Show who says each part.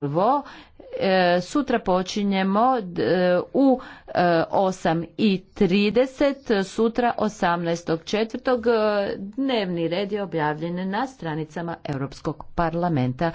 Speaker 1: prvo e, sutra počinjemo e, u 8.30 e, sutra 18.4. dnevni red je objavljen na stranicama Europskog parlamenta